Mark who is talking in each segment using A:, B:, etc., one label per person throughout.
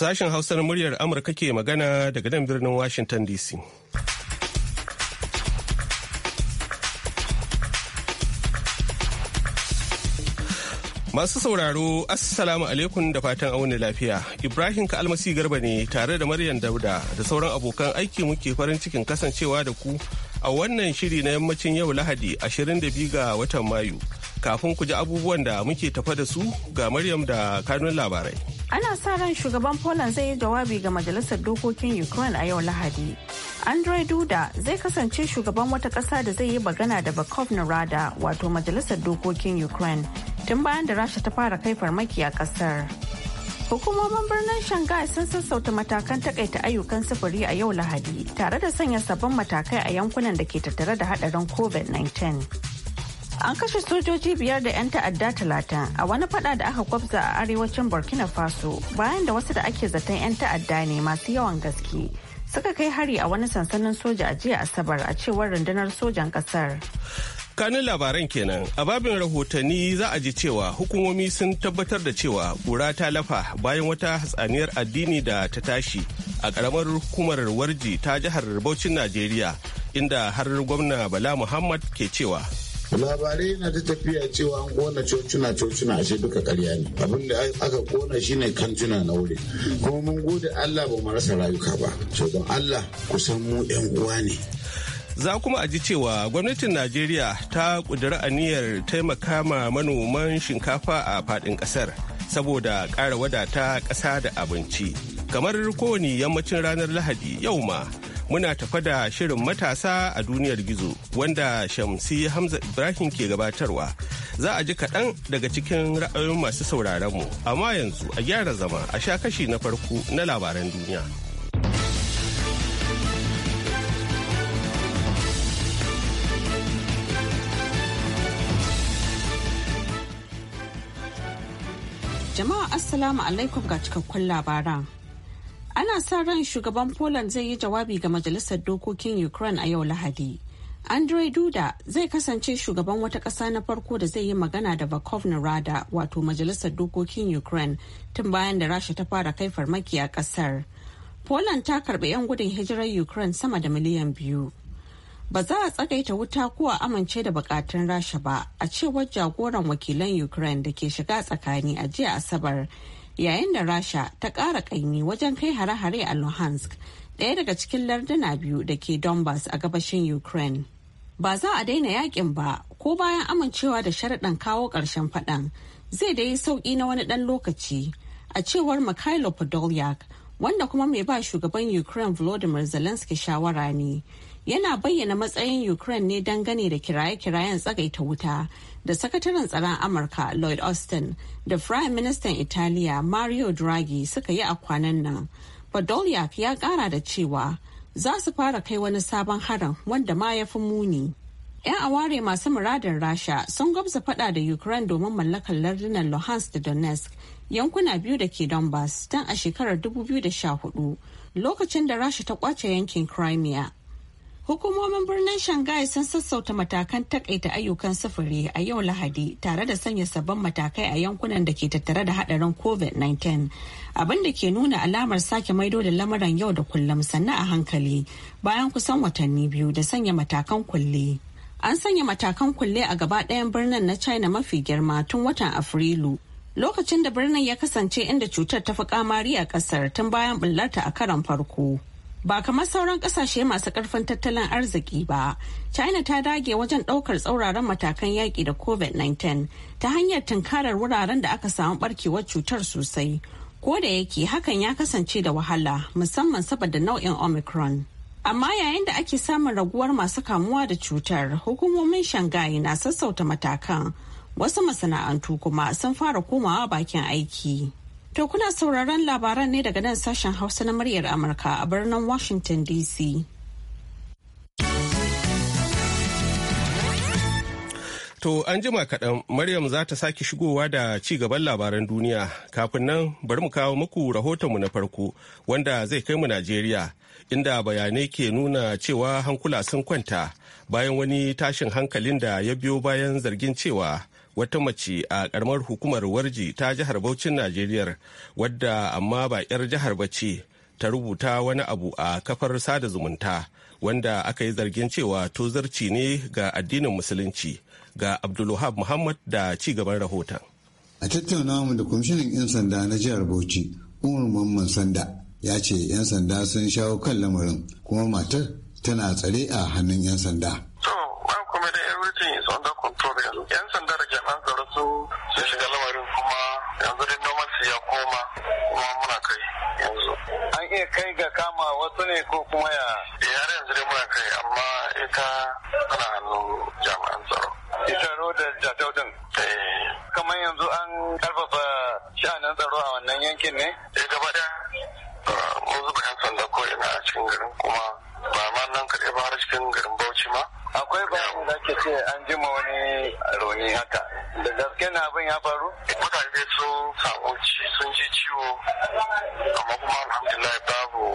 A: Sashen Hausar muryar Amurka ke magana daga nan birnin Washington DC. Masu sauraro, Assalamu alaikum da fatan auni lafiya. Ibrahim Ka'almasi Garba ne tare da Maryam Dauda da sauran abokan aiki muke farin cikin kasancewa da ku a wannan shiri na yammacin yau Lahadi 22 ga watan Mayu. Kafin ku ji abubuwan da muke tafa da su ga Maryam da kanun labarai.
B: ana sa ran shugaban poland zai yi jawabi ga majalisar dokokin ukraine a yau lahadi andrei duda zai kasance shugaban wata ƙasa da zai yi bagana da na rada wato majalisar dokokin ukraine tun bayan da rasha ta fara kai farmaki a ƙasar hukumomin birnin shanghai sun sassauta matakan takaita ayyukan sufuri a yau lahadi tare da sanya sabbin matakai a yankunan da ke tattare da hadarin covid-19 An kashe sojoji biyar da 'yan ta'adda talata a wani fada da aka kwabza a arewacin Burkina Faso bayan da wasu da ake zaton 'yan ta'adda ne masu yawan gaske suka kai hari a wani sansanin soja a jiya Asabar a cewar rundunar sojan kasar.
A: kanin labaran kenan a babin rahotanni za a ji cewa hukumomi sun tabbatar da cewa kura ta lafa bayan wata hatsaniyar addini da ta tashi a karamar hukumar warji ta jihar bauchin najeriya inda har gwamna bala muhammad ke cewa
C: labarai na ta tafiya cewa an kona cocina cocina ashe duka karya ne abin da aka kona shine kantuna na wuri kuma mun gode allah ba mu rasa rayuka ba to don allah kusan mu yan uwa ne
A: za kuma a ji cewa gwamnatin najeriya ta kudura aniyar taimaka ma manoman shinkafa a fadin kasar saboda ƙara wadata ƙasa da abinci kamar kowane yammacin ranar lahadi yau ma muna tafa da shirin matasa a duniyar gizo wanda shamsi hamza ibrahim ke gabatarwa za a ji kaɗan daga cikin ra'ayoyin masu sauraron mu amma yanzu a gyara zama a sha kashi na farko na labaran duniya
B: jama'a assalamu alaikum ga cikakkun labaran ana sa ran shugaban poland zai yi jawabi ga majalisar dokokin ukraine a yau lahadi andrei duda zai kasance shugaban wata kasa na farko da zai yi magana da verkhovna rada wato majalisar dokokin ukraine tun bayan da rasha ta fara kai farmaki a kasar poland ta karɓi 'yan gudun hijirar ukraine sama da miliyan biyu ba za a tsagaita wuta ko a amince da bukatun rasha ba a cewar jagoran wakilan ukraine da ke shiga tsakani a jiya asabar yayin da rasha ta ƙara ƙaimi wajen kai hare-hare a luhansk ɗaya daga cikin larduna biyu da ke donbass a gabashin ukraine ba za a daina yakin ba ko bayan amincewa da sharaɗin kawo ƙarshen faɗan zai da yi sauƙi na wani ɗan lokaci a cewar mikhailo podolyak wanda kuma mai ba shugaban ukraine volodymyr zelensky shawara ne yana bayyana matsayin ukraine ne gane da kiraye-kirayen tsagaita wuta da sakataren tsaron amurka lloyd austin da prime minister italiya mario draghi suka yi a kwanan nan podolyak ya kara da cewa za su fara kai wani sabon harin wanda ma ya fi muni 'yan aware masu muradin rasha sun gwabza fada da ukraine domin mallakar lardunan luhansk da donetsk yankuna biyu da ke donbass tun a shekarar 2014 lokacin da rasha ta kwace yankin crimea Hukumomin birnin Shanghai sun sassauta matakan takaita ayyukan sufuri a yau Lahadi tare da sanya sabbin matakai a yankunan da ke tattare da hadarin COVID-19. Abin da ke nuna alamar sake maido da lamuran yau da kullum sannan a hankali bayan kusan watanni biyu da sanya matakan kulle. An sanya matakan kulle a gaba ɗayan birnin na China mafi girma tun watan Afrilu. Lokacin da birnin ya kasance inda cutar ta fi kamari a ƙasar tun bayan bullarta a karon farko. Ba kamar sauran kasashe masu karfin tattalin arziki ba, China ta dage wajen daukar tsauraran matakan yaki da COVID-19 ta hanyar tunkarar wuraren da aka samu barkewar cutar sosai. Ko da yake hakan ya kasance da wahala musamman saboda nau'in Omicron. Amma yayin da ake samun raguwar masu kamuwa da cutar, hukumomin Shanghai na sassauta matakan. Wasu masana'antu kuma sun fara komawa bakin aiki. To kuna sauraron labaran ne daga nan sashen Hausa na muryar Amurka a birnin Washington DC.
A: To an jima kaɗan Maryam za ta sake shigowa da ci gaban labaran duniya kafin nan bari mu kawo muku rahotonmu na farko wanda zai kai mu Najeriya inda bayanai ke nuna cewa hankula sun kwanta bayan wani tashin hankalin da ya biyo bayan zargin cewa wata mace a karamar hukumar warji ta jihar Bauchin Najeriya wadda amma ba 'yar jihar ba ce ta rubuta wani abu a kafar sada zumunta wanda aka yi zargin cewa tozarci ne ga addinin musulunci ga Abdulwahab Muhammad da ci
C: gaban rahoton. A tattaunawa da kwamishinan 'yan sanda na jihar Bauchi, Umar Mamman Sanda ya ce 'yan sanda sun shawo kan lamarin kuma matar tana tsare a hannun 'yan sanda. kuma da everything is under control yanzu yan sanda da jami'an tsaro su sun shiga lamarin kuma yanzu dai normalcy ya koma kuma muna kai yanzu an iya kai ga kama wasu ne ko kuma ya yare eh, yanzu dai muna kai amma ita tana hannu jami'an tsaro ita da jatau din eh. kamar yanzu an karfafa sha'anin tsaro a wannan yankin ne eh gaba da mun zuba yan sanda ko ina a cikin garin kuma ba ma nan kaɗai ba har cikin
D: garin bauchi ma akwai babu da ke ce an jima wani rauni haka da gaske
C: na abin ya faru mutane sun samu ci sun ji ciwo amma kuma alhamdulillah babu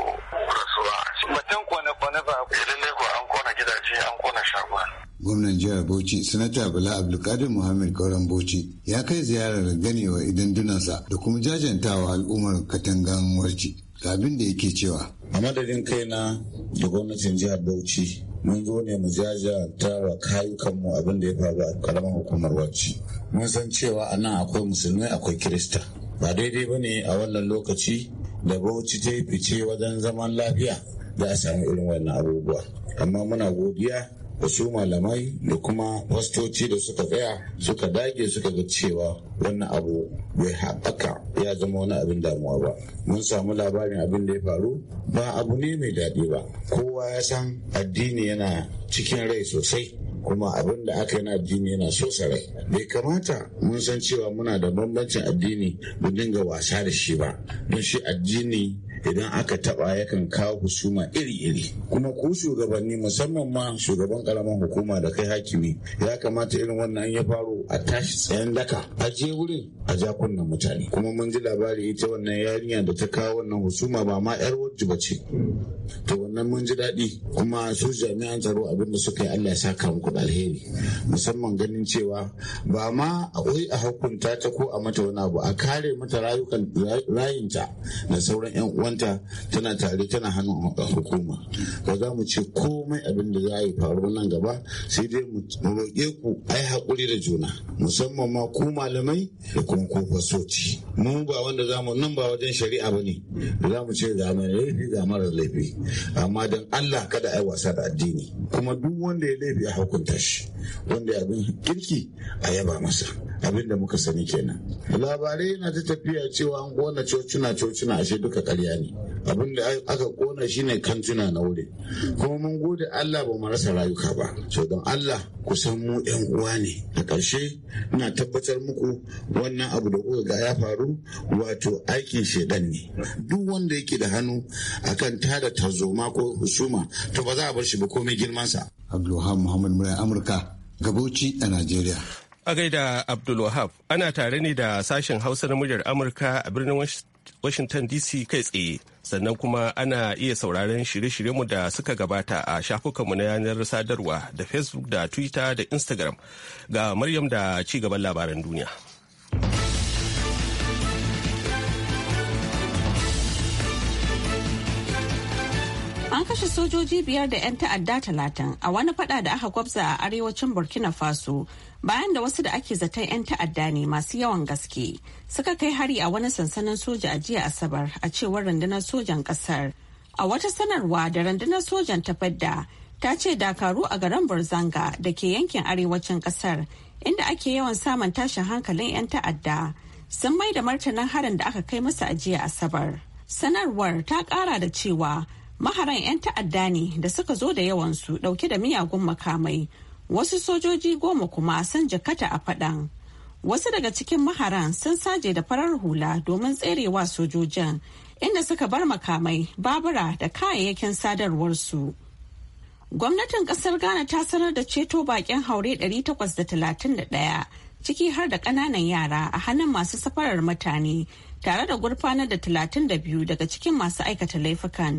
C: rasuwa mutum kone-kone ba eh, lalle ko an kona gidaje an kona shagon gwamnan jihar bauchi sanata bala abdulkadir muhammad kauran bauchi ya kai ziyarar ganewa idan dunansa da kuma jajantawa al'ummar katangan warji ga abin da yake cewa a madadin kaina da gwamnatin jihar bauchi mun zo ne mu jajanta wa kayukanmu abin da ya faru a karamar hukumar wacce mun san cewa a nan akwai musulmai akwai kirista ba daidai ba ne a wannan lokaci da bauchi ta fice wajen zaman lafiya za a samu irin wannan abubuwa amma muna godiya da su malamai da kuma fastoci da suka tsaya suka dage suka ga cewa wannan abu bai haɓaka ya zama wani abin damuwa ba mun samu labarin abin da ya faru ba abu ne mai daɗi ba kowa ya san addini yana cikin rai sosai kuma abin da aka yi na addini yana so sarai bai kamata mun san cewa muna da bambancin addini mu dinga wasa da shi ba don shi addini idan aka taba yakan kawo husuma iri-iri kuma ku shugabanni musamman ma shugaban karamin hukuma da kai hakimi ya kamata irin wannan ya faru a tashi tsayan daka a je wurin a ja kunnan mutane kuma mun ji labari ita wannan yarinya da ta kawo wannan husuma ba ma yar wajji ba ce to wannan mun ji daɗi kuma su jami'an tsaro abin da suka yi Allah ya saka muku da alheri musamman ganin cewa ba ma akwai a hukunta ta ko a mata wani abu a kare mata rayukan rayinta da sauran 'yan uwa wanta tana tare tana hannu hannun hukuma ba za mu ce komai abin da za a yi faru nan gaba sai dai mu roƙe ku ai haƙuri da juna musamman ma ku malamai da kuma ko fasoci mu ba wanda za mu nan ba wajen shari'a ba ne za mu ce ga mai laifi ga mara laifi amma dan Allah kada a yi wasa da addini kuma duk wanda ya laifi a hukunta shi wanda ya abin kirki a yaba masa abin da muka sani kenan labarai na ta tafiya cewa an gona cocina cocina ashe duka ƙarya bayani abin da aka kona shine kantuna na wurin kuma mun gode Allah ba mu rasa rayuka ba so don Allah kusan mu yan uwa ne a ƙarshe ina tabbatar muku wannan abu da kuka ga ya faru wato aikin shedan ne duk wanda yake da hannu akan tada tazoma ko husuma to ba za a bar shi ba komai girmansa Abdulwahab Muhammad Murai Amurka Gabauci a Najeriya a gaida Abdulwahab
A: ana tare ne da sashen Hausa na muryar Amurka a birnin Washington DC kai tsaye sannan kuma ana iya sauraron shirye-shiryenmu da suka gabata a shafukanmu na yanar sadarwa da Facebook da Twitter da Instagram ga Maryam da ci gaban labaran duniya.
B: An kashe sojoji biyar da 'yan ta'adda talatin a wani fada da aka gwabza a arewacin Burkina Faso bayan da wasu da ake zaton 'yan ta'adda ne masu yawan gaske suka kai hari a wani sansanin soja a jiya Asabar a cewar rundunar sojan kasar. A wata sanarwa da rundunar sojan ta fadda ta ce dakaru a garin Burzanga da ke yankin arewacin kasar inda ake yawan samun tashin hankalin 'yan ta'adda sun mai da martanin harin da aka kai musu a jiya Asabar. Sanarwar ta kara da cewa maharan 'yan ta'adda ne da suka zo da yawansu dauke da miyagun makamai wasu sojoji goma kuma sun jakata a fadan wasu daga cikin maharan sun saje da farar hula domin tserewa sojojin inda suka bar makamai babura da kayayyakin sadarwarsu gwamnatin kasar ghana ta sanar da ceto bakin haure 831 ciki har da kananan yara a hannun masu safarar mutane tare da gurfanar da 32 daga cikin masu aikata laifukan.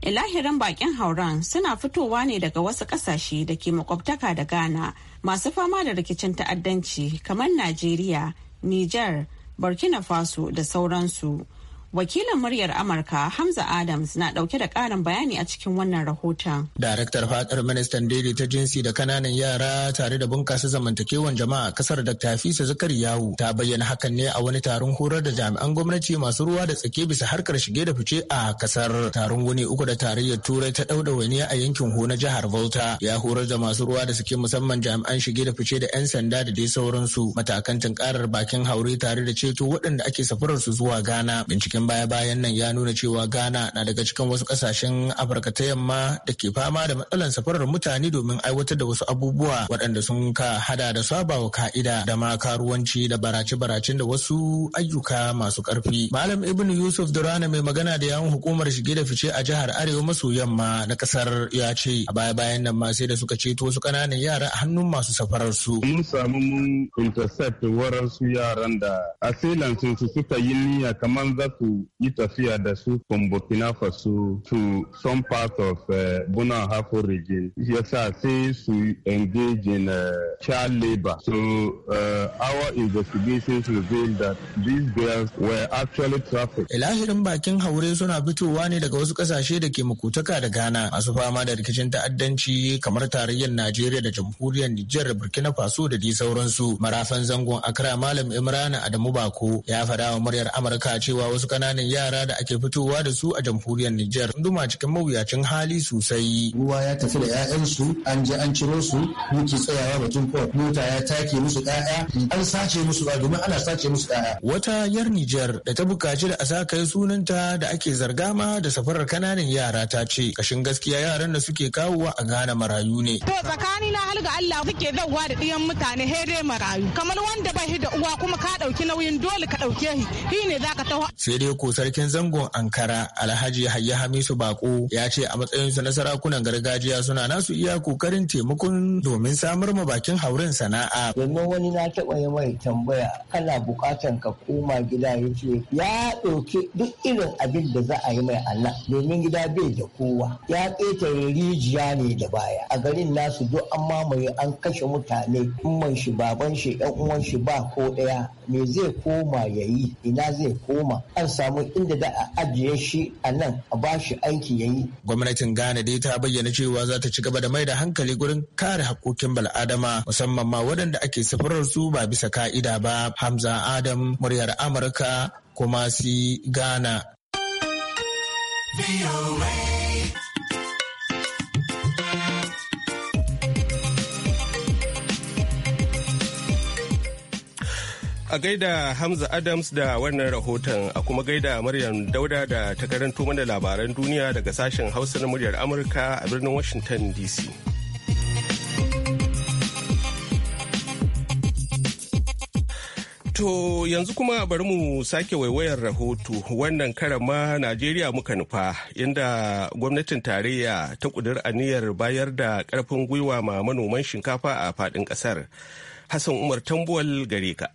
B: ilahirin bakin hauran suna fitowa ne daga wasu kasashe da ke makwabtaka da ghana masu fama da rikicin ta'addanci kamar najeriya niger burkina faso da sauransu wakilan muryar Amurka Hamza Adams na dauke da karin bayani a cikin wannan rahoton.
E: Daraktar fadar ministan daidai ta jinsi da kananan yara tare da bunkasa zamantakewan jama'a kasar da fisa Zakari Yawu ta bayyana hakan ne a wani taron horar da jami'an gwamnati masu ruwa da tsake bisa harkar shige da fice a kasar. Taron wani uku da tarayyar Turai ta dauda wani a yankin Ho na jihar Volta ya horar da masu ruwa da suke musamman jami'an shige da fice da 'yan sanda da dai sauransu matakan tunkarar bakin haure tare da ceto waɗanda ake safarar su zuwa Ghana. Binciken rahotannin baya-bayan nan ya nuna cewa ghana na daga cikin wasu kasashen afirka ta yamma da ke fama da matsalar safarar mutane domin aiwatar da wasu abubuwa waɗanda sun ka hada da sabawa ka'ida da ma karuwanci da barace-baracen da wasu ayyuka masu ƙarfi malam ibnu yusuf durana mai magana da yawon hukumar shige da fice a jihar arewa maso yamma na ƙasar ya ce a baya-bayan nan ma sai da suka ceto wasu ƙananan yara a hannun masu
C: safarar su mun samu mun intercept waransu yaran da asilan su suka yi niyya kamar za su yi tafiya da su from Burkina Faso to some part of uh, eh, Bona Hafo region. Yasa sai su engage in uh, child labor. So uh, our
E: investigations reveal that these girls were actually trafficked. ilahirin bakin haure suna fitowa ne daga wasu kasashe da ke makutaka da Ghana masu fama da rikicin ta'addanci kamar tarayyar Najeriya da jamhuriyar Nijar da Burkina Faso da dai sauransu. Marafan zangon akra Malam Imran Adamu Bako ya faɗa wa muryar Amurka cewa wasu Kananan yara da ake fitowa da su a jamhuriyar Nijar sun duma cikin mawuyacin hali sosai. Ruwa ya tafi da 'ya'yansu
C: an je an ciro su muke tsayawa batun port mota ya take musu 'ya'ya an sace musu ba domin ana sace musu
F: 'ya'ya.
E: Wata yar Nijar da ta bukaci da a sa kai sunanta da ake zarga ma da safarar kananan yara ta ce kashin gaskiya yaran da suke kawowa a gane marayu ne. To
G: tsakani na halga Allah kuke zauwa da ɗiyan mutane here marayu kamar wanda bai da uwa kuma ka ɗauki nauyin dole ka ɗauke shi ne za ka taho.
E: Sai dai sai sarkin zangon ankara alhaji hayya hamisu bako ya ce a matsayinsu na sarakunan gargajiya suna nasu iya kokarin taimakon domin samar ma bakin hauren sana'a domin wani na taɓa yi mai tambaya kana buƙatan ka koma gida ya ce ya ɗauki duk irin abin da za a yi mai allah domin gida bai da kowa ya ƙeta rijiya ne da baya a garin nasu duk an mamaye an kashe mutane umman shi baban shi yan uwan shi ba ko ɗaya me zai koma ya yi ina zai koma an samu inda da a ajiye shi a nan a ba shi aiki ya yi. Gwamnatin Ghana dai ta bayyana cewa za ta ci gaba da mai da hankali gurin kare hakokin bal'adama musamman ma waɗanda ake safarar su ba bisa ka'ida ba. Hamza Adam muryar Amurka kuma si Ghana.
A: A gaida Hamza Adams da wannan rahoton a kuma gaida Maryam Dauda da ta karanto mana labaran duniya daga sashen Hausa na muryar Amurka a birnin Washington DC. To yanzu kuma bari mu sake waiwayar rahoto wannan karama Najeriya muka nufa inda gwamnatin tarayya ta kudur aniyar bayar da karfin gwiwa ma manoman shinkafa a faɗin ƙasar. Hassan Umar Tambuwal gare ka.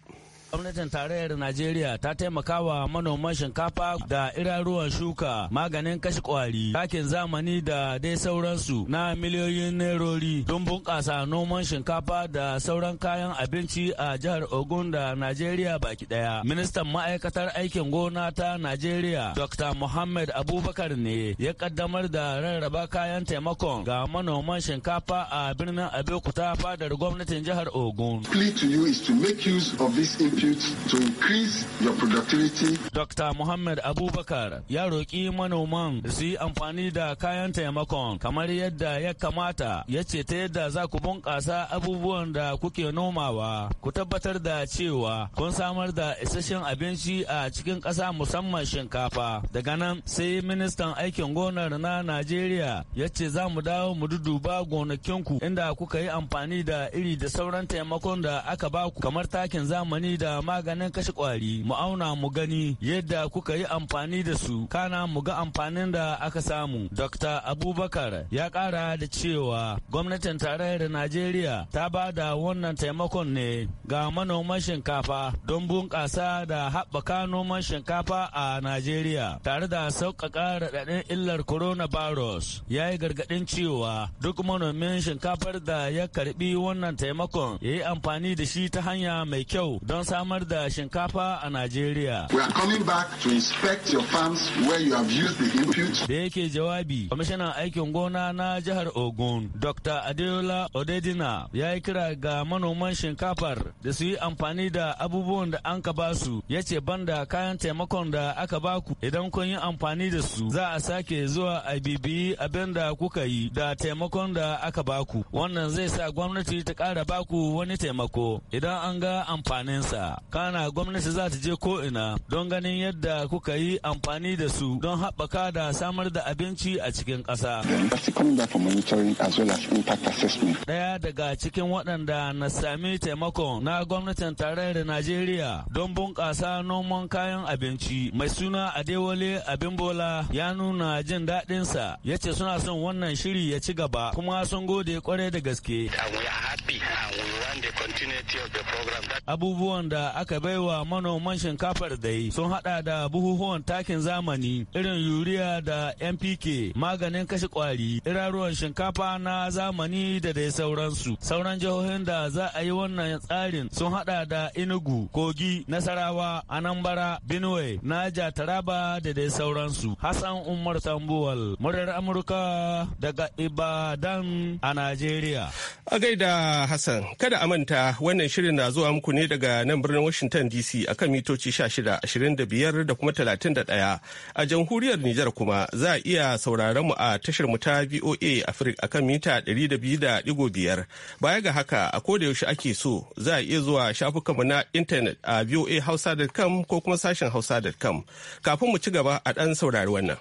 F: Gwamnatin tarayyar Najeriya ta taimaka wa manoman shinkafa da iraruwan shuka, maganin kashe kwari, takin zamani da dai sauransu na miliyoyin nerori don bunƙasa noman shinkafa da sauran kayan abinci a jihar Ogun da Najeriya baki ɗaya. Ministan ma'aikatar aikin gona ta Najeriya, Dr. Muhammad Abubakar ne ya kaddamar da rarraba kayan taimakon ga manoman shinkafa a birnin Abeokuta fadar gwamnatin jihar Ogun. to you is to make use of this contribute to increase your productivity. Dr. Muhammad Abubakar ya roƙi manoman su yi amfani da kayan taimakon kamar yadda ya kamata ya ce ta yadda za ku bunƙasa abubuwan da kuke nomawa ku tabbatar da cewa kun samar da isasshen abinci a cikin ƙasa musamman shinkafa daga nan sai ministan aikin gonar na najeriya ya ce za mu dawo mu duduba gonakinku inda kuka yi amfani da iri da sauran taimakon da aka baku kamar takin zamani da maganin kashe kwari mu auna mu gani yadda kuka yi amfani da su kana mu ga amfanin da aka samu dr abubakar ya kara da cewa gwamnatin tarayyar najeriya ta ba da wannan taimakon ne ga manoman shinkafa don bunƙasa da haɓaka noman shinkafa a najeriya tare da sauƙaƙa raɗaɗin illar coronavirus ya yi gargaɗin cewa duk manomin shinkafar da ya karɓi wannan taimakon ya yi amfani da shi ta hanya mai kyau don sa samar da shinkafa a Najeriya. We are coming back to inspect your farms where you have used the input. Da yake jawabi, kwamishinan aikin gona na jihar Ogun, Dr. Adeola Odedina ya yi kira ga manoman shinkafar da su yi amfani da abubuwan da an ka ba su, ya ce banda kayan taimakon da aka ba ku idan kun yi amfani da su za a sake zuwa a bibiyi abin da kuka yi da taimakon da aka ba ku. Wannan zai sa gwamnati ta ƙara ba ku wani taimako idan an ga amfaninsa. Kana gwamnati za ta je ko ina don ganin yadda kuka yi amfani da su don haɓaka da samar da abinci a cikin ƙasa. Ɗaya daga cikin waɗanda na sami taimakon na gwamnatin tarayyar Najeriya don bunƙasa noman kayan abinci mai suna Adewale Abimbola ya nuna jin daɗinsa ya ce suna son wannan shiri ya ci gaba kuma sun gode kwarai da gaske. Abubuwan da aka baiwa manoman shinkafar dai sun hada da buhuhuwan takin zamani irin yuriya da MPK maganin kashe kwari, iraruwan shinkafa na zamani da dai sauransu. Sauran jihohin da za a yi wannan tsarin sun hada da inugu Kogi, Nasarawa, Anambra, Benue, Naja, Taraba da dai sauransu. Hassan Umar Tambuwal, murar Amurka daga Ibadan a Najeriya.
A: A gaida Hassan, kada amanta manta wannan shirin na zuwa muku ne daga nan birnin Washington DC akan mitoci 16, 25 da kuma 31. A jamhuriyar Nijar kuma za a iya sauraron mu a tashar mu ta VOA Africa kan mita 200.5. Baya ga haka a koda yaushe ake so za a iya zuwa shafukanmu na intanet a voahausa.com ko kuma sashen hausa.com. Kafin mu ci gaba a ɗan saurari wannan.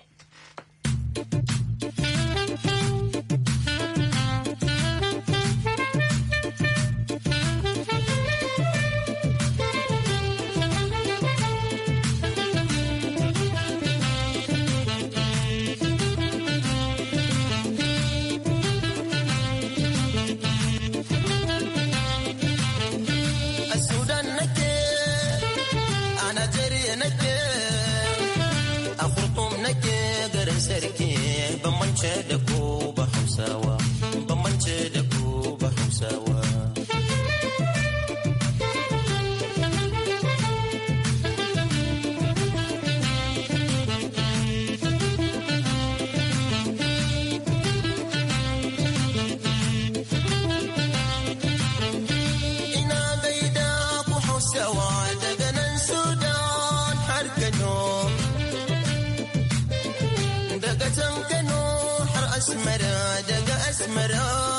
D: I'm se me dio.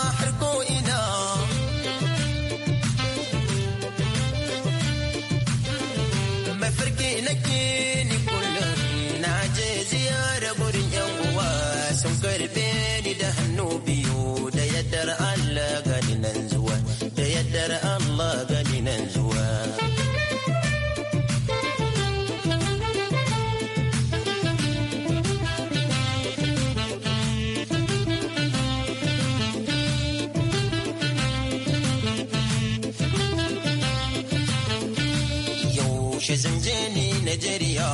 D: Najeriya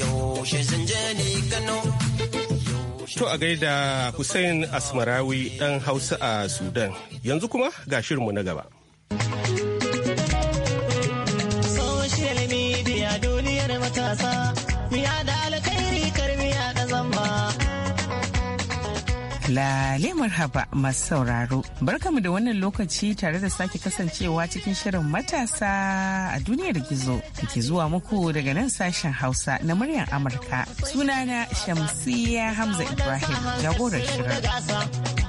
D: yaushe zan je ni Kano.
A: To a gaida Hussein Asmarawi ɗan Hausa a Sudan. Yanzu kuma ga shirinmu na gaba.
E: Social media duniyar matasa, miya da alkhairi karmiya da zamba.
G: Lale marhaba masu sauraro Barkamu da wannan lokaci tare da sake kasancewa cikin shirin matasa a duniyar gizo da ke zuwa muku daga nan sashen Hausa na muryar Amurka. Sunana shamsiyya Hamza Ibrahim jagorar shirin.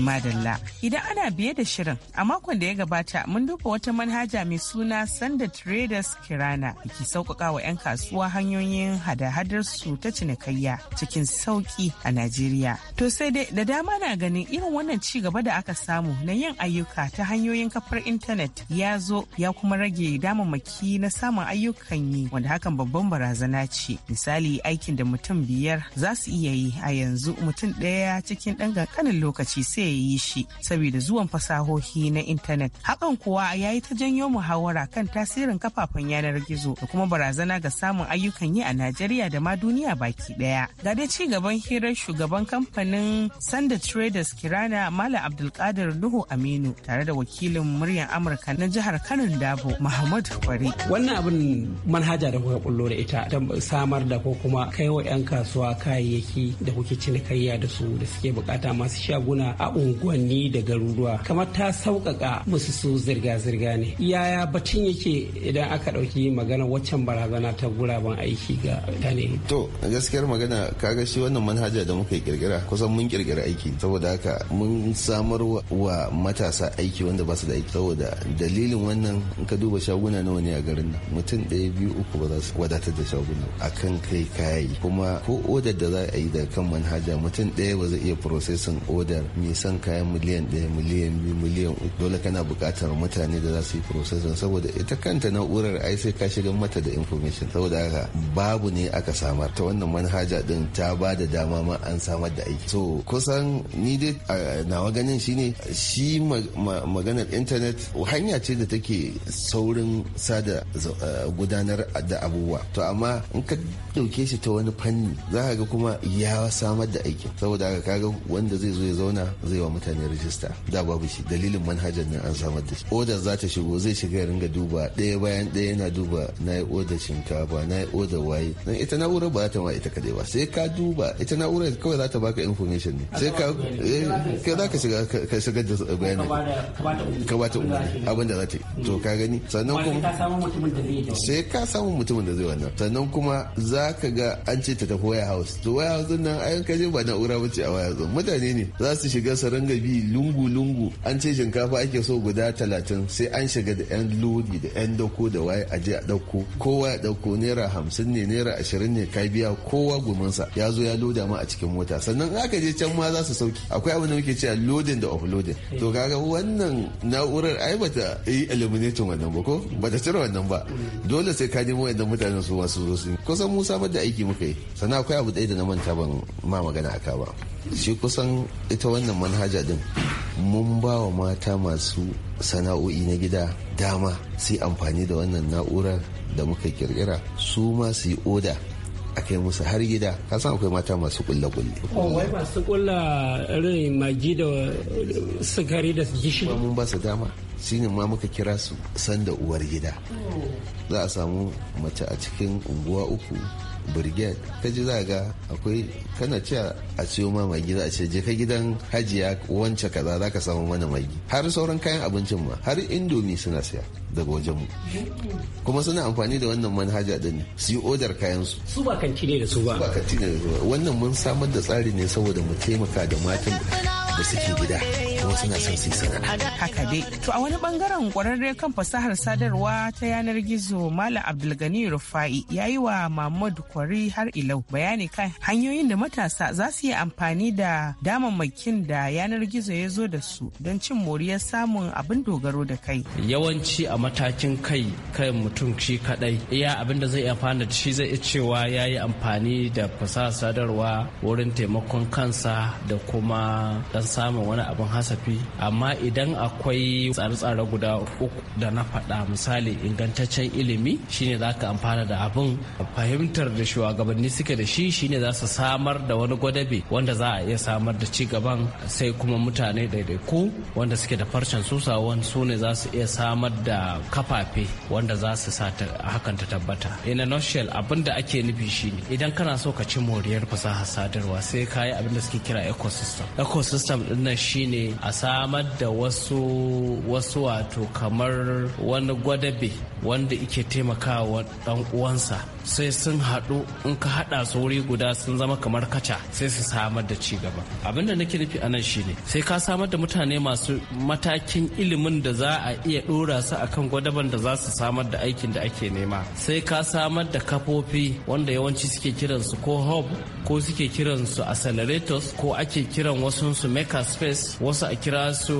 G: Madalla. Idan ana biye da shirin, a makon da ya gabata mun duba wata manhaja mai suna Sanda Traders Kirana da ke sauƙaƙa wa 'yan kasuwa hanyoyin hada-hadar su ta cinikayya cikin sauƙi a Najeriya. To sai dai da dama na ganin irin wannan ci gaba da aka samu na yin ayyuka ta hanyoyin kafar intanet ya zo ya kuma rage damammaki na samun ayyukan yi wanda hakan babban barazana ce. Misali aikin da mutum biyar za su iya yi a yanzu mutum ɗaya cikin ɗan ƙanƙanin lokaci sai ya yi shi saboda zuwan fasahohi na intanet. Hakan kuwa ya yi ta janyo muhawara kan tasirin kafafen yanar gizo da kuma barazana ga samun ayyukan yi a Najeriya da ma duniya baki daya. Ga dai ci gaban hirar shugaban kamfanin Sanda Traders Kirana Malam Abdulkadir Nuhu Aminu tare da wakilin muryar Amurka na jihar Kano Dabo Muhammad Kwari. Wannan abin
H: manhaja da kuka kullo da ita ta samar da ko kuma kai wa 'yan kasuwa kayayyaki da kuke cinikayya da su da suke bukata masu shaguna a unguwanni da garuruwa kamar ta sauƙaƙa musu su zirga-zirga ne yaya batun yake idan aka ɗauki magana waccan barazana ta guraben aiki ga mutane
D: to gaskiyar magana kaga shi wannan manhaja da muka yi kirkira kusan mun kirkira aiki saboda haka mun samar wa matasa aiki wanda ba su da aiki saboda dalilin wannan in ka duba shaguna nawa ne a garin nan mutum ɗaya biyu uku ba za su wadatar da shaguna kan kai kayayi kuma ko odar da za a yi da kan manhaja mutum ɗaya ba zai iya processing odar san kayan miliyan ɗaya miliyan biyu miliyan uku dole kana buƙatar mutane da za su yi processing saboda ita kanta na'urar ai sai ka shigar mata da information saboda haka babu ne aka samar ta wannan manhaja din ta ba da dama ma an samar da aiki so kusan ni dai nawa ganin shine shi maganar internet hanya ce da take saurin sada eh, gudanar da abubuwa to amma in ka dauke shi ta wani fanni za ka ga kuma ya samar da aikin saboda haka ga wanda zai zo ya zauna zai zai wa mutane rijista da babu shi dalilin manhajar nan an samar da shi odar za ta shigo zai shiga ringa duba ɗaya bayan ɗaya yana duba na yi odar shinkafa na yi odar waye don ita na'urar ba za ta ma ita kadai ba sai ka duba ita na'urar kawai za ta baka information ne sai ka eh, kai za ka shiga ka shiga da bayani ka ba ta umarni abin da za ta yi to ka gani sannan kuma sai ka samu mutumin da zai wannan sannan kuma za ka ga an ce ta tafi waya house to waya house nan ayyukan ba na'ura ba ce a waya mutane ne za su shiga ringa bi lungu-lungu an ce shinkafa ake so guda talatin sai an shiga da 'yan lodi da 'yan dauko da waye a je a dauko kowa ya dauko naira hamsin ne naira ashirin ne ka biya kowa sa ya zo ya loda ma a cikin mota sannan aka je can ma za su sauki akwai abin da muke cewa loading da offloading to eh. kaga wannan na'urar ai bata yi eliminating wannan ba ko bata cire wannan ba mm. dole sai ka nemo yadda mutanen su masu zo su kusan musa da aiki muka yi sannan akwai abu ɗaya da na manta ban ma magana aka ba shi kusan ita wannan manhaja din mun ba wa mata masu sana'o'i na gida dama su amfani da wannan na'urar da muka kirkira su ma su yi oda a kai musu har gida ka akwai mata masu kulla kulle oh, wai masu kulla rai magi da sigari da gishiri mun ba su dama shine ma muka kira su sanda uwar gida oh. za a samu mace a cikin unguwa uku brigade ka ji za ga akwai kana ce a siyo ma magi za a ce je ka gidan hajiya wance kaza za ka samu mana magi har sauran kayan abincin ma har indomi suna siya daga wajenmu kuma suna amfani da wannan manhaja din su yi odar kayan su su ba kan ne da su ba ba kan ne da su ba wannan mun samar da tsari ne saboda mu taimaka da matan da suke gida wasu na son su Haka
G: dai. To a wani bangaren kwararre kan fasahar sadarwa ta yanar gizo Malam Abdulgani Rufai ya yi wa Mahmud Kwari har ilau bayani kan hanyoyin da matasa za su yi amfani da damammakin da yanar gizo ya zo da su don cin moriyar samun abin dogaro da kai.
H: Yawanci a matakin kai kan mutum shi kadai iya abin da zai iya da shi zai iya cewa ya yi amfani da fasahar sadarwa wurin taimakon kansa da kuma dan samun wani abin hasa tafi amma idan akwai tsare-tsare guda uku da na faɗa misali ingantaccen ilimi shine za ka amfana da abin fahimtar da shugabanni suke da shi shine za su samar da wani gwadabe wanda za a iya samar da ci gaban sai kuma mutane ɗaiɗaiku wanda suke da farcen susa wani su ne za su iya samar da kafafe wanda za su sa hakan ta tabbata in a nutshell abin da ake nufi shine idan kana so ka ci moriyar fasahar sadarwa sai ka yi abin da suke kira ecosystem ecosystem ɗinnan nan shine a samar da wasu wasu wato kamar wani gwadabe wanda ike taimakawa dan uwansa sai sun haɗu in ka haɗa su wuri guda sun zama kamar kaca sai su samar da ci gaba abin da nake nufi anan shine sai ka samar da mutane masu matakin ilimin da za a iya ɗora su akan gwadaban da za su samar da aikin da ake nema sai ka samar da kafofi wanda yawanci suke kiran su ko hub ko suke kiran su accelerators ko ake kiran wasu su maker space wasu a kira su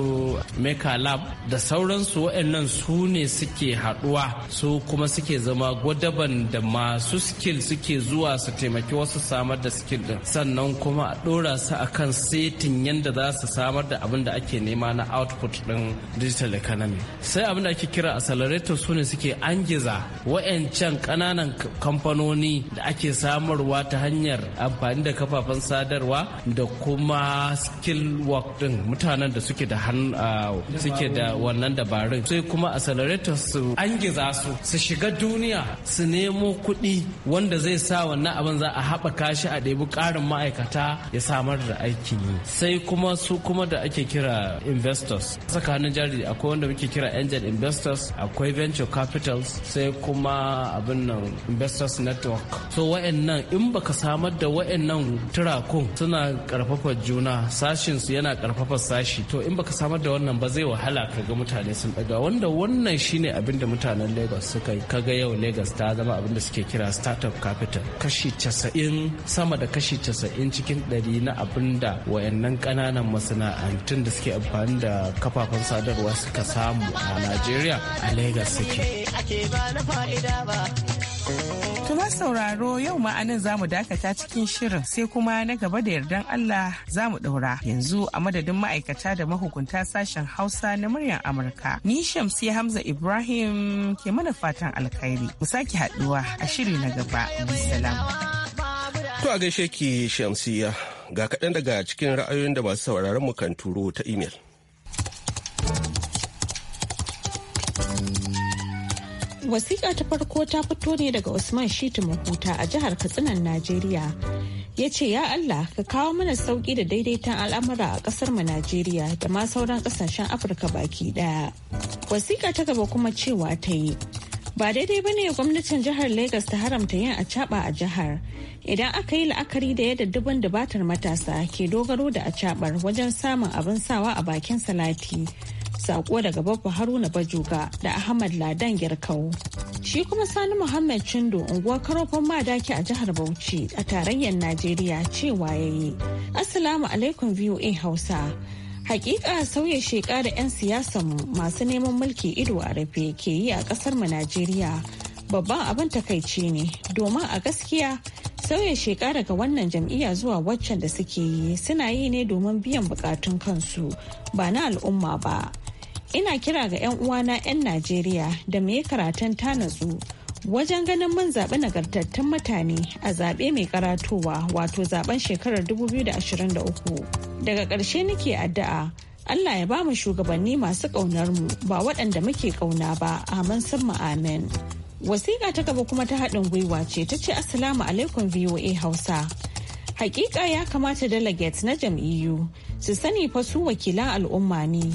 H: maker lab da sauransu waɗannan su ne suke haɗuwa su kuma suke zama gwadaban da ma masu skill suke zuwa su taimaki wasu samar da skill din sannan kuma a dora su akan setin yadda za su samar da abin da ake nema na output din digital economy sai abin da ake kira accelerator su ne suke angiza wa'ancan kananan kamfanoni da ake samarwa ta hanyar amfani da kafafen sadarwa da kuma skill work din mutanen da suke da suke da wannan dabarun sai kuma accelerator su angiza su su shiga duniya su nemo kuɗi kuɗi wanda zai sa wannan abin za a haɓaka shi a ɗebi ƙarin ma'aikata ya samar da aikin yi sai kuma su kuma da ake kira investors tsakanin jari akwai wanda muke kira angel investors akwai venture capitals sai kuma abin nan investors network so wa'annan in baka samar da wa'annan turakun suna karfafa juna sashin su yana karfafa sashi to in baka samar da wannan ba zai wahala ka ga mutane sun daga wanda wannan shine abin da mutanen lagos suka yi kaga yau lagos ta zama abin da suke kira startup capital kashi casa'in sama da kashi casa'in cikin ɗari na abin da wayannan ƙananan masana'antun da suke amfani da kafafen sadarwa suka samu a najeriya a lagos
C: suke
G: masu sauraro yau ma zamu za mu dakata cikin shirin sai kuma na gaba da yardan Allah za mu ɗaura. Yanzu a madadin ma'aikata da mahukunta sashen Hausa na muryar Amurka. Ni Shamsi Hamza Ibrahim ke mana fatan alkhairi. Mu sake haɗuwa a shiri na gaba. Bisalam.
A: To a gaishe ki Shamsiya ga kaɗan daga cikin ra'ayoyin da masu sauraron mu kan turo ta imel.
B: Wasiƙa ta farko ta fito ne daga Usman Shitu Mahuta a jihar Katsinan, Najeriya. Ya ce, "Ya Allah, ka kawo mana sauƙi da daidaiton al'amura a ƙasar mu Najeriya da ma sauran ƙasashen Afirka baki ɗaya." Wasiƙa ta gaba kuma cewa ta yi, ba daidai ba bane gwamnatin jihar Legas ta haramta yin a a jihar. Idan aka yi la'akari da yadda dubban dubatar matasa ke dogaro da a wajen samun abin sawa a bakin salati. Sako daga babu Haruna bajuga da Ahmad Ladan Girkau. Shi kuma Sani Muhammad Chindo unguwar Karofan Madaki a jihar Bauchi a tarayyar Najeriya cewa ya yi Assalamu alaikum VOA Hausa. Hakika sauya sheka da 'yan siyasan masu neman mulki ido a rufe ke yi a kasar mu Najeriya babban abin takaici ne domin a gaskiya sauya sheka daga wannan jam'iyya zuwa waccan da suke yi suna yi ne domin biyan bukatun kansu ba na al'umma ba. ina kira ga 'yan uwana 'yan najeriya da mai karatan karatun ta natsu wajen ganin mun zaɓi nagartattun mutane a zaɓe mai karatowa wato zaben shekarar 2023 daga ƙarshe nake addu'a allah ya ba mu shugabanni masu ƙaunar mu ba waɗanda muke ƙauna ba amin sun amen wasiƙa ta gaba kuma ta haɗin gwiwa ce ta ce assalamu alaikum voa hausa hakika ya kamata delegates na jam'iyyu su sani fa su wakilan al'umma ne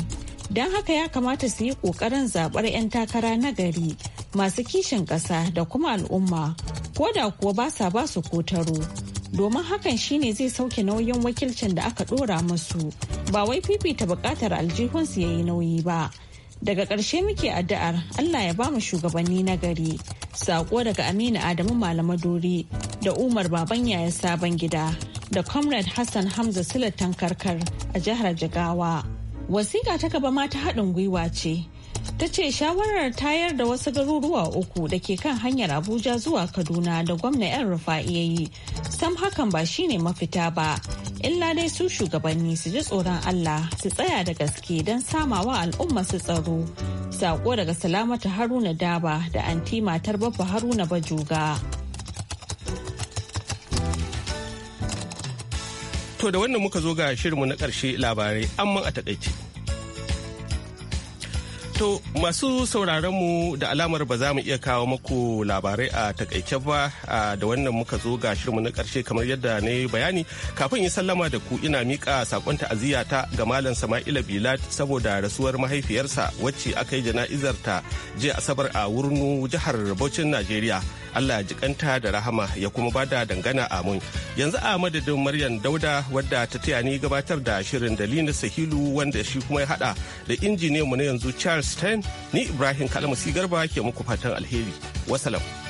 B: Don haka ya kamata su yi kokarin zabar 'yan takara na gari masu kishin ƙasa da kuma al'umma ko da kuwa ba sa ba su kotaro. Domin hakan shine zai sauke nauyin wakilcin da aka dora musu ba wai fifita buƙatar aljihunsu ya yi nauyi ba. Daga ƙarshe muke addu'ar Allah ya ba mu shugabanni na gari. Sako daga Aminu Adamu Malamadori da Umar Baban Yaya Sabon Gida da Comrade Hassan Hamza Silatan Karkar a jihar Jigawa. Wasiƙa ta gaba mata haɗin gwiwa ce. Ta ce shawarar tayar da wasu garuruwa uku da ke kan hanyar Abuja zuwa Kaduna da gwamna 'yan rufa'i ya sam hakan ba shine mafita ba. Illa dai su shugabanni su ji tsoron Allah su tsaya da gaske don samawa al'umma su tsaro. Sako daga Salamatu Haruna Daba da anti matar Baffa Haruna Bajuga.
A: To da wannan muka zo ga shirinmu na ƙarshe labarai amma a taɗaici. To masu sauraron mu da alamar ba za mu iya kawo maku labarai a takaice ba da wannan muka zo ga shirmu na karshe kamar yadda na yi bayani kafin yi sallama da ku ina mika sakon ta'aziyata ga malam Sama'ila Bilat saboda rasuwar mahaifiyarsa wacce aka yi jana'izar ta jiya Asabar a Wurnu jihar Bauchin Najeriya. Allah jikanta da rahama ya kuma bada dangana amin. Yanzu a madadin Maryam Dauda wadda ta taya ni gabatar da shirin dalilin Sahilu wanda shi kuma ya hada da injiniyanmu na yanzu Charles Weinstein, ni Ibrahim Kalamusi Garba ke muku fatan alheri. Wasalam.